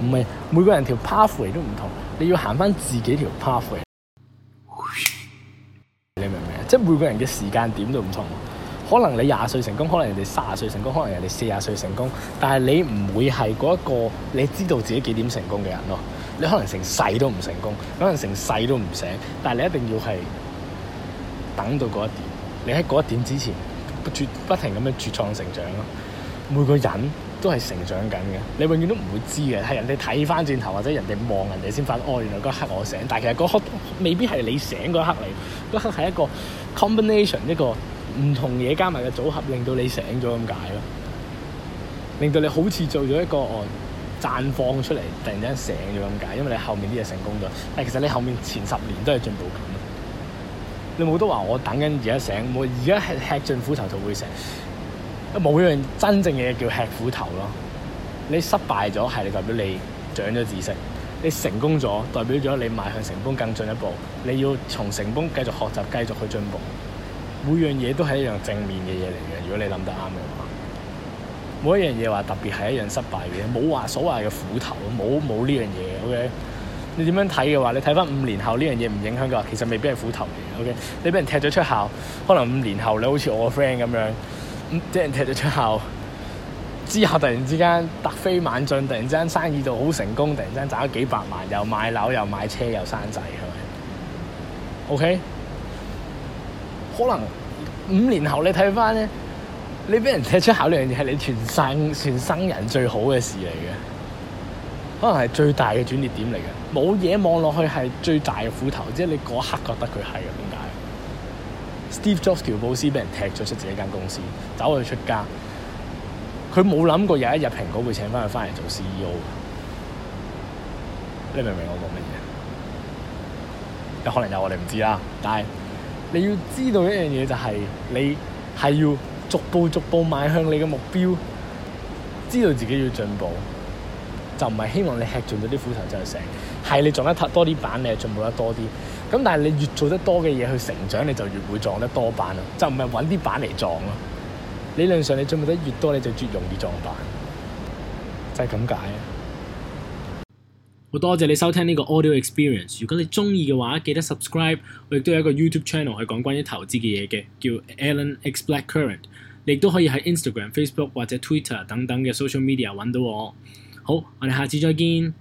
唔係每個人條 pathway 都唔同，你要行翻自己條 pathway。你明唔明啊？即係每個人嘅時間點都唔同。可能你廿歲成功，可能人哋三十歲成功，可能人哋四十歲成功。但係你唔會係嗰一個你知道自己幾點成功嘅人咯。你可能成世都唔成功，可能成世都唔醒。但係你一定要係等到嗰一點，你喺嗰一點之前，不停咁去絕創成長咯。每個人都係成長緊嘅，你永遠都唔會知嘅，係人哋睇翻轉頭，或者人哋望人哋先發覺，哦，原來嗰刻我醒。但係其實嗰刻未必係你醒嗰刻嚟，嗰刻係一個 combination，一個唔同嘢加埋嘅組合，令到你醒咗咁解咯。令到你好似做咗一個哦，綻放出嚟，突然之間醒咗咁解，因為你後面啲嘢成功咗。但其實你後面前十年都係進步緊。你冇都話我等緊而家醒，我而家吃吃盡苦頭就會醒。冇一樣真正嘅嘢叫吃苦頭咯。你失敗咗係你代表你長咗知識，你成功咗代表咗你邁向成功更進一步。你要從成功繼續學習，繼續去進步。每樣嘢都係一樣正面嘅嘢嚟嘅。如果你諗得啱嘅話，冇一樣嘢話特別係一樣失敗嘅嘢，冇話所謂嘅苦頭，冇冇呢樣嘢。OK，你點樣睇嘅話，你睇翻五年後呢樣嘢唔影響嘅話，其實未必係苦頭嚟。OK，你俾人踢咗出校，可能五年後你好似我個 friend 咁樣。咁俾人踢咗出校，之後突然之間突飛猛進，突然之間生意就好成功，突然之間賺咗幾百萬，又買樓又買車又生仔，係咪？O K，可能五年後你睇翻咧，你俾人踢出校呢樣嘢係你全生全生人最好嘅事嚟嘅，可能係最大嘅轉折點嚟嘅。冇嘢望落去係最大嘅苦頭，即係你嗰刻覺得佢係嘅，點解？Steve Jobs 喬布斯畀人踢咗出自己間公司，走去出家，佢冇諗過有一日蘋果會請返佢返嚟做 CEO。你明唔明我講乜嘢？有可能有，我哋唔知啦。但係你要知道一樣嘢，就是，就係你係要逐步逐步邁向你嘅目標，知道自己要進步。就唔係希望你吃盡咗啲苦頭就係成係你撞得太多啲板，你係進步得多啲。咁但係你越做得多嘅嘢去成長，你就越會撞得多板啦。就唔係揾啲板嚟撞咯。理論上你進步得越多，你就越容易撞板，就係咁解。好多謝你收聽呢個 audio experience。如果你中意嘅話，記得 subscribe。我亦都有一個 YouTube channel 去講關於投資嘅嘢嘅，叫 Alan Explain Current。你亦都可以喺 Instagram、Facebook 或者 Twitter 等等嘅 social media 揾到我。好，我哋下次再見。